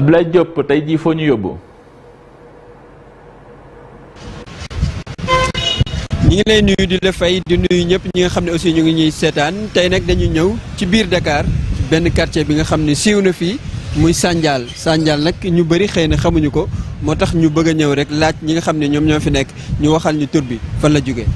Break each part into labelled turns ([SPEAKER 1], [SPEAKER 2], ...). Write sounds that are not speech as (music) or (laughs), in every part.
[SPEAKER 1] Abdoulaye Diop tey jii foo ñu yóbbu. ñi ngi lay nuyu di la fay di nuyu ñëpp ñi nga xam ne aussi ñu ngi ñuy seetaan tey nag dañu ñëw ci biir Dakar benn quartier bi nga xam ne siiw na fii muy Sandial Sandial nag ñu bari xëy na xamuñu ko moo tax ñu bëgg a ñëw rek laaj ñi nga xam ne ñoom ñoo fi nekk ñu waxal ñu tur bi fan la jóge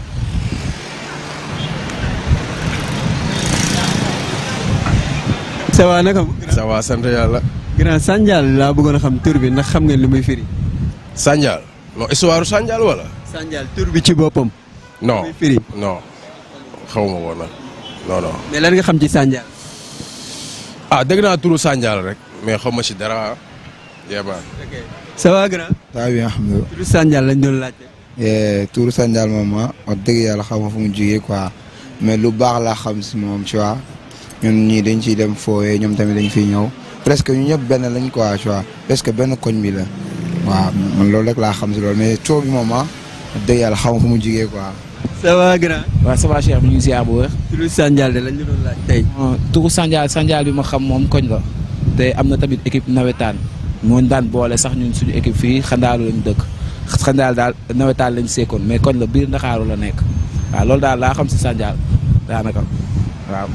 [SPEAKER 1] ça va sant yàlla. grand Sandial laa bëggoon a xam tur bi ndax xam ngeen li muy firi. Sandial non histoire Sandial wala. Sandial tur bi ci boppam. non muy firi non xaw ma woon nag non xam ci Sandial. ah naa turu Sandial rek mais xaw ma si dara yéen ok
[SPEAKER 2] ça va grand. ça va bien alhamdulilah. turu lañ doon laajte. Eh, turu Sandial moom ah wax yàlla xaw ma fu mu jugee quoi mais lu baax laa xam si moom tu vois ñun ñii dañ ciy dem fooyee ñoom tamit dañ fi ñëw. presque ñu ñëpp benn lañ quoi tu vois presque benn koñ mi la waaw man loolu rek laa xam si loolu mais coow bi moom ah dëgg yàlla xaw ma fu mu jigee quoi.
[SPEAKER 1] ça va grand. waaw ça va Cheikh bi ñu ngi ziar bu Sandial lañ tey. turu Sandial Sandial bi ma xam moom koñ la. te am na tamit équipe nawetaan. moo daan boole sax ñun suñu équipe fii xandaalu lañ dëkk xandaal daal nawetaan lañ seekoon mais koñ la biir Ndakaaru la nekk waaw loolu daal laa xam si Sandial daanaka waaw.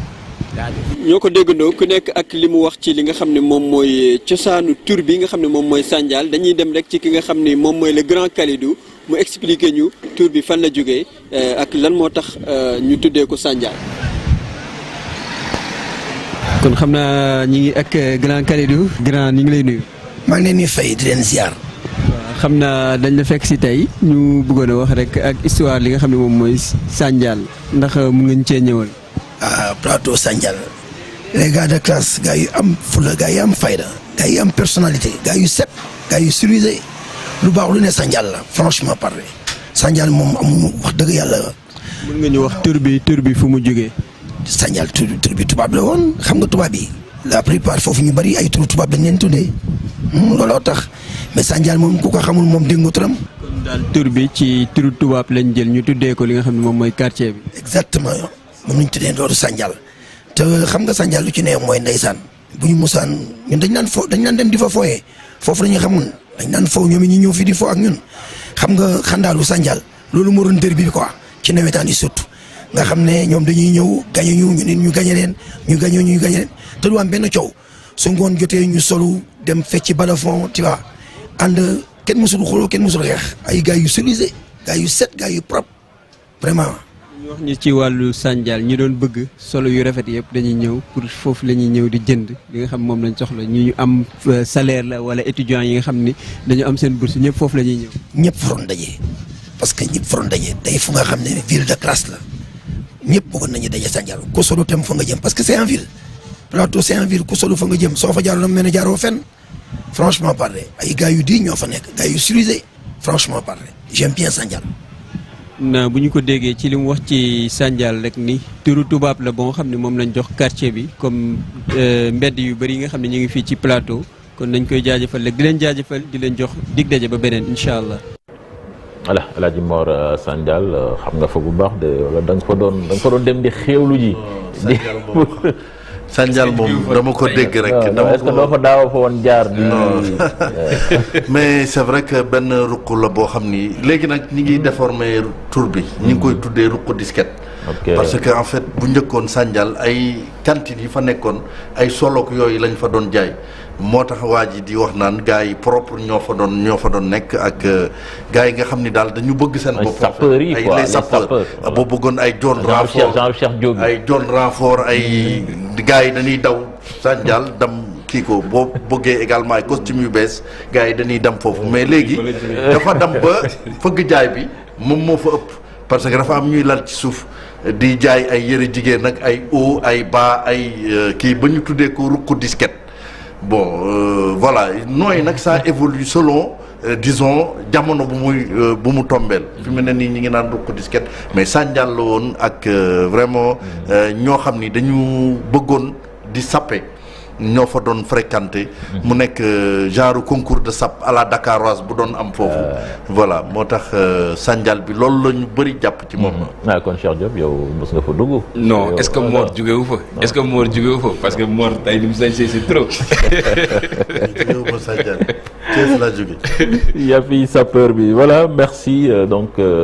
[SPEAKER 1] ñoo ko déggandoo ku nekk ak li mu wax ci li nga xam ne moom mooy euh, cosaanu tur bi nga xam ne moom mooy Sandial dañuy dem rek ci ki nga xam ne moom mooy le grand Kalidou mu expliqué ñu tur bi fan la jógee euh, ak lan moo tax euh, ñu tuddee ko Sandial. kon xam naa ñi ngi ak grand Kalidou grand ñu ngi lay nuyu.
[SPEAKER 2] maa ngi leen di fay di leen ziar.
[SPEAKER 1] xam naa dañ la fekk si tey ñu bëggoon a wax rek ak histoire li nga xam ne moom mooy Sandial
[SPEAKER 2] ndax mun nga ñu cee ñëwal. plateau Sandial les gars de classe gars yu am fula gars yu am fayda gars yu am personnalité gars yu set gars yu civilisé lu baax lu ne Sandial la franchement parler Sandial moom amu wax dëgg yàlla. mun nga ñu wax tur bi tur bi fu mu jógee. Sandial tur bi tubaab la woon xam nga tubaab yi. la plupart foofu ñu bari ay turu tubaab dañ leen tuddee hmm, looloo tax mais Sandial moom ku ko xamul moom dégg nga turam. kon
[SPEAKER 1] daal bi ci turu tubaab lañ jël ñu tuddee ko li nga xam ne moom mooy quartier
[SPEAKER 2] bi. exactement. moom lañ tuddee dooru sànjal te xam nga sànjal lu ci neex mooy ndeysaan bu ñu musaan ñun dañ naan fo dañ naan dem di fa fooyee foofu la ñuy xamoon dañ naan fo ñoom it ñëw fii di ak ñun xam nga xandaalu sànjal loolu moo doon dër bi quoi ci nawetaan yi surtout nga xam ne ñoom dañuy ñëw gañe ñu ñu nit ñu gañe leen ñu gañe ñu gañe leen te du am benn coow su ngoon jotee ñu solu dem fecci balafon tu vois ànd kenn mësul xuloo kenn mësul xeex ay gars yu civilisé gars yu set gars yu propre vraiment
[SPEAKER 1] wax ñu ci wàllu sànjaal ñi doon bëgg solo yu rafet yëpp dañuy ñëw pour foofu la ñuy ñëw di jënd li nga xam moom lañ soxla ñu ñu am euh, salaire la wala étudiants yi nga xam ni dañu am seen bourse ñëpp
[SPEAKER 2] foofu la ñuy ñëw. ñëpp faroon daje parce que ñëpp faroon daje day fu nga xam ne ville de classe la ñëpp bëggoon nañu daje sànjaal ku solo tam fa nga jëm parce que c'est en ville plateau c'est en ku solo fa nga jëm soo fa jaaroo nag mel ne jaaroo fenn franchement parler yu di ñoo fa nekk gars yu civilisé franchement parler j'aime
[SPEAKER 1] na bu ñu ko déggee ci li mu wax ci Sandial rek ni turu tubaab la boo xam ne moom lañ jox quartier bi comme euh, mbedd yu bari yi nga xam ne ñu ngi fii ci plateau kon nañ koy jaajëfal rek di leen jaajëfal di leen jox dig daje ba beneen incha allah.
[SPEAKER 3] voilà El Hadj Mor euh, Sandial euh, xam nga fa bu baax de wala da nga fa doon da nga fa doon dem di xéewlu ji. Oh, (laughs) Sanjal moom dama ko dégg rek. dama ko doo fa daaw fa woon jaar. (laughs) (laughs) mais c'est vrai que benn ruq la boo xam ni léegi nag ñi ngi déformer tour bi. ñi ngi koy hmm. tuddee ruq disquette. parce que en fait bu njëkkoon Sanjal ay cantines yi fa nekkoon ay solok yooyu lañ fa doon jaay. moo tax waa ji di wax naan gars yi propre ñoo fa doon ñoo fa doon nekk ak euh, gars yi nga xam ni daal dañu bëgg seen bopp. ay les sapeurs boo bëggoon ay John Renfort ay John Renfort ay. Hmm. di gars yi dañuy daw sànjaal dam kii ko boo bëggee également ay costume yu bees gars yi dañuy dam foofu mais léegi dafa dam ba fëgg jaay bi moom moo fa ëpp parce que dafa am ñuy lal ci suuf di jaay ay yëre jigéen nag ay haut ay ba ay euh, kii ba ñu tuddee ko rukku disket bon euh, voilà nooy nag ça évolue selon Euh, disons jamono bu muy euh, bu mu tombeel fi mu ne nii ñi ngi naan ruq disket mais sànjaan la woon ak euh, vraiment ñoo xam ni dañu bëggoon di sappe ñoo fa doon fréquenté mu nekk genre concours de sap à la dakaroise bu doon am foofu voilà moo tax sànjal bi loolu la ñu bëri jàpp ci moom mm-hmm. ah kon Cheikh Diop yow mos nga dugg non est-ce que Mor jógewu fa est-ce que Mor jógewu fa parce que Mor tey li mu sañsee c'est trop (laughs) jógewu sànjal Thiès laa jógee. (laughs) yaa fi sapeur bi voilà merci euh, donc. Euh,